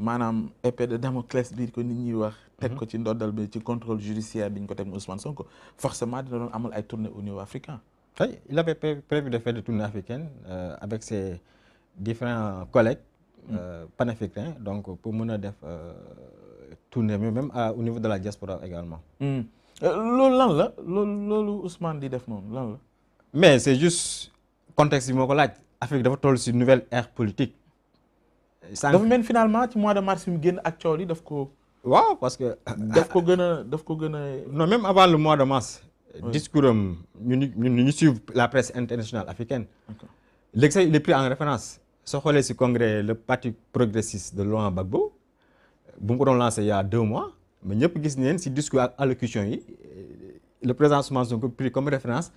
maanaam épée de Damoclès bi ko nit ñi wax. teg ko ci ndoddal bi ci contrôle judiciaire bi ñu ko teg mu Ousmane Sonko forcément dina doon amul ay tournées au niveau africain. oui il avait prévu de faire des tournées euh, euh, mm. donc pour mën a def euh, tournée mais même à, au niveau de la diaspora également. Mm. loolu lan di def moom lan la. mais c'est juste contexte bi moo ko laaj Afrique dafa toll ci nouvelle ère politique. sànq dafa mel finalement ci mois de mars mi génn ak coow li daf ko. waaw parce que. daf ko gën daf ko gën no non même avant le mois de mars. discours am ñu ñu ñu suivre la presse internationale africaine. léegi sax il pris en référence. soo xoolee si congrès le parti progressiste de Laurent Gbagbo bu mu ko doon lancé il deux mois ma ñëpp gis neen si discours ak allocution yi le président Ousmane Sonko pris comme référence.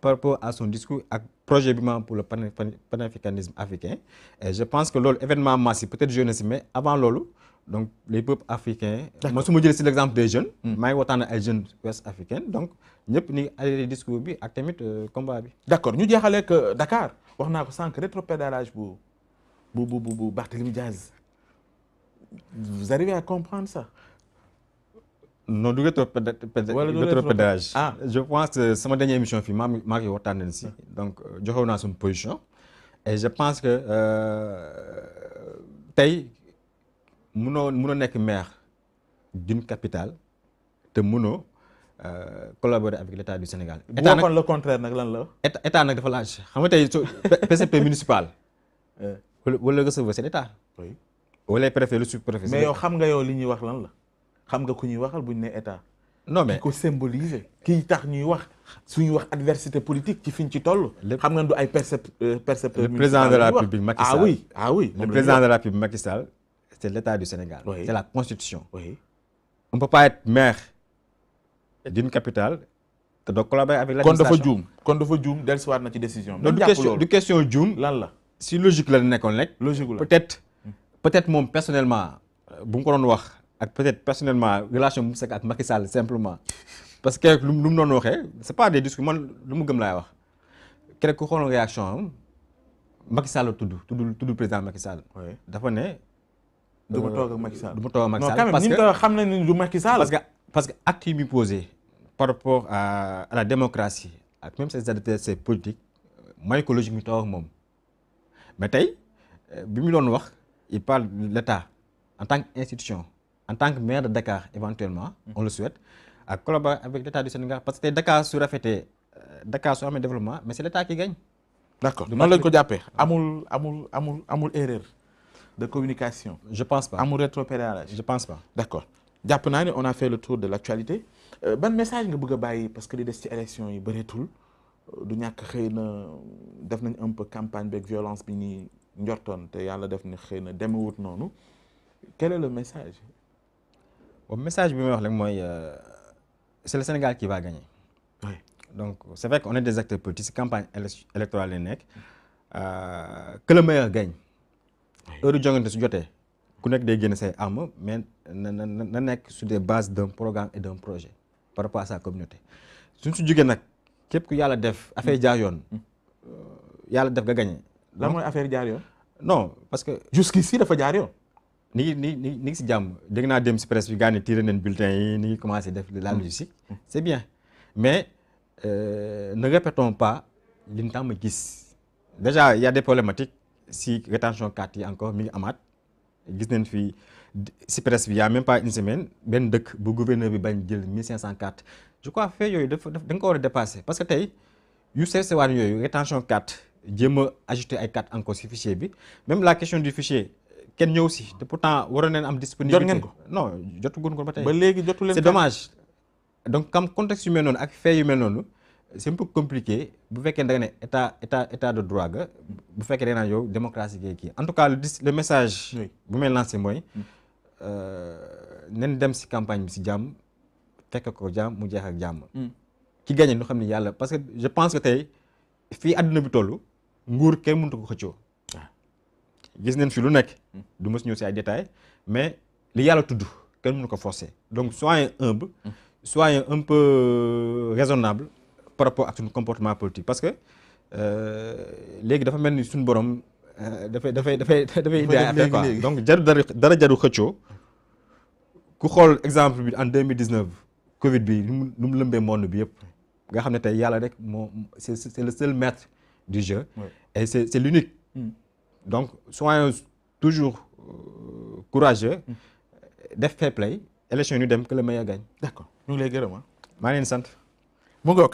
par rapport à son discours ak projet bi ma am pour le panafricanisme africain et je pense que loolu événement massif peut-être jeunesse mais avant loolu donc les peuples africains. ma su ma jëlee si l'exemple des jeunes. Hmm. maa ngi waxtaan ak ay jeunes ouest africains donc ñëpp ni ay discours bi ak tamit euh, combat bi. d'accord ñu jeexalee que Dakar wax naa ko sànq rétropédalage bu bu bu bu Barthélémy Diaz vous arrivez à comprendre sa non du rétropédalage ah je pense sama dernière émission fii maa maa ngi waxtaan nañ si donc euh, joxewoon naa suñu position et je pense que euh, tey munoo munoo nekk maire d'une capital te munoo euh, collaborer avec l'état du Sénégal. état nag le contraire nag lan la. état nag dafa laaj xam nga tey PCP municipal. Eh. wala wala recevoir c'est l'état. oui wala préfet le mais yow xam nga yow li ñuy wax lan la. xam nga ku ñuy waxal bu ñu ne état. non mais ki ko symboliser kiy tax ñuy wax suñuy wax adversité politique ci fiñ ci toll. xam nga du ay percept euh, percepteur. le président de la République Macky Sall ah oui ah la République Macky Sall c' est l' état du Sénégal. Oui. c' est la constitution. Oui. on ne peut maire d'une capitale. doo collaborer avec l' kon dafa juum kon dafa juum na ci décision. non du question du juum. lan la si logique la nekkoon rek. logique la peut être hmm. moom personnellement euh, bu mu ko doon wax. ak peut-être personnellement relation bu mu sekk ak Macky simplement parce que lu mu doon waxee c'est pas des discours man lu mu gëm laay wax keroog ku xool réaction am Macky Sall tudd tudd tudd président Macky Sall. dafa ne. du ma toog ak Macky Sall du parce que xam nañ ne du Macky Sall. parce parce que acte yi par rapport a à la démocratie ak même ses adversaires politiques mooy ko mu toog ak moom mais tey euh, bi mu doon wax il parle de l'État en tant qu'institution. en tant que maire de Dakar éventuellement mhm. on le souhaite ak avec l'État Sénégal parce que tey Dakar su rafetee euh, Dakar su amee développement mais c'est l'État qui gagne d'accord noonu lañ ko jàppee amul amul amul amul erreur de communication je pense pas amul rétropédalage je pense pa d'accord jàpp naa ne on a fait le tour de l'actualité euh, ban message nga bëgg a bàyyi parce que li des ci élection yi bëreetul euh, du ñàkk xëy na def nañ un peu campagne beeg violence bi ñuy njortoon te yàlla def na xëy na demewut noonu quel est le waaw message bi may wax rek mooy euh, c'est le Sénégal qui va gagner. donc c'est vrai qu'on est des acteurs politiques ci campagne électorale lañ nekk euh, que le meilleur gagne. heure jongante su jotee ku nekk day génn say armes mais na na nekk su des base d'un programme et d'un projet par rapport à sa communauté suñ su jugee nag képp ku yàlla def affaire mm. jaar yoon mm. euh, yàlla def ga gagné. lan mooy affaire jaar yoon. non parce que. jusqu'ici dafa jaar yoon. ni ngi ni ni ngi si jàmm dégg naa dem si presse bi gaa ne tiré nañ bulletin yi ni ngi commencé def la logistique mm. c'est bien mais euh, ne répétons pas li ñu tàmm gis déjà y a des problématiques si rétention carte yi encore mi ngi amaat gis nañ fi si presse bi y a même pas une semaine benn dëkk bu gouverneur bi bañ jël 1500 cartes je crois fait yooyu dafa da nga ko war a dépasser parce que tey yu sew sewaan yooyu rétention carte jéem a ajouter ay carte encore si fichier bi même la question du fichier kenn ñëw si te pourtant waroon nañ am disponibilité jot ngeen ko non jotaguñ ko ba tey. ba léegi jotu leen c'est dommage. donc comme contexte yu mel noonu ak fait yu mel noonu c'est un peu bu fekkee da ne état état état de droit ga bu fekkee da nga naan yow démocratie gee kii en tout cas dis le message. bu may lancé mooy. Mm. Euh, nen dem si campagne bi si jàmm fekk ko jàmm mu jeex ak jàmm. Mm. ki gagné ñu xam ne yàlla parce que je pense que tey fii àdduna bi toll nguur kenn mënut ko xëccoo. gis nañ fi lu nekk hmm. du mës ñëw si ay détails mais li yàlla tudd kenn mënu ko forcer donc soyez humble hmm. soyez un peu euh, raisonnable par rapport ak suñu comportement politique parce que euh, léegi dafa mel ni suñu borom euh, dafay dafay dafay dafay indi ay affaire quoi donc jaru dara dara jaru xëccoo ku xool exemple bi en 2019 covid bi lu mu lëmbee monde bi yëpp nga xam ne tey yàlla rek moo c'est c'est le seul maître du jeu et c'est c'est l'unique hmm. donc soyons toujours euh, courageux. Hmm. def fair play élection yi dem que le meilleur gagne. d'accord ñu ngi lay gërëm ah. sant. mu ngoog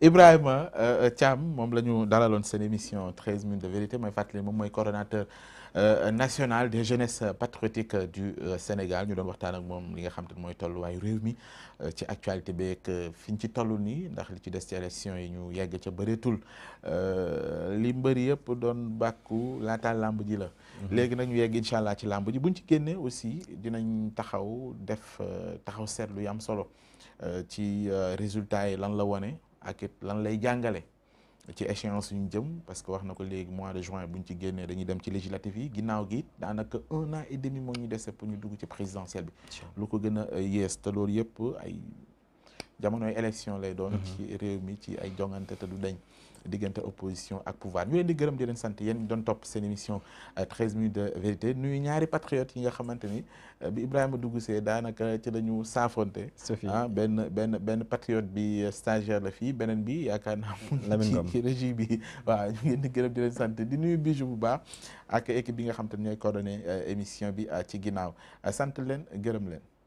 Ibrahima euh, euh, Thiam moom la ñu dalaloon seen émission 13 minutes de vérité mooy fàttali moom mooy coordonnateur euh, national de jeunesses patriotiques du Sénégal ñu doon waxtaan ak moom li nga xam te mooy tolluwaayu réew mi ci actualité beeg fi ñu ci toll nii ndax li ci des ci yi ñu yegg ca bëreetul li mbëri yëpp doon bàkku laata làmb ji la. Mhm. léegi nag ñu yegg incha allah ci làmb ji buñ ci génnee aussi dinañ taxaw def taxaw seetlu yu am solo. Euh, ci euh, résultats yi lan la wane ak it lan lay jàngale ci échéance yu ñu jëm parce que wax na ko léegi mois de juin bu ñu ci génnee dañuy dem ci législative yi ginnaaw gi daanaka un an et moo ñu dese pour ñu dugg ci présidentielle bi. lu ko gën a euh, yees te loolu yëpp ay jamonoy élection lay doon. Mm-hmm. ci réew mi ci ay jongante te du deñ diggante opposition ak pouvoir ñu leen di gërëm di leen sant yéen doon topp seen émission 13 euh, minutes de vérité nuyu ñaari patriotes yi nga xamante ni euh, bi Ibrahima see daanaka ci la ñu saafonte ah, benn benn benn patriote bi euh, stagiaire la fii beneen bi yaakaar naa mun ci régie bi waaw ñu leen di gërëm di leen sant di nuyu bijou bu baax ak équipe bi nga xamante ni ñooy coordonné émission bi ci ginnaaw sant leen gërëm leen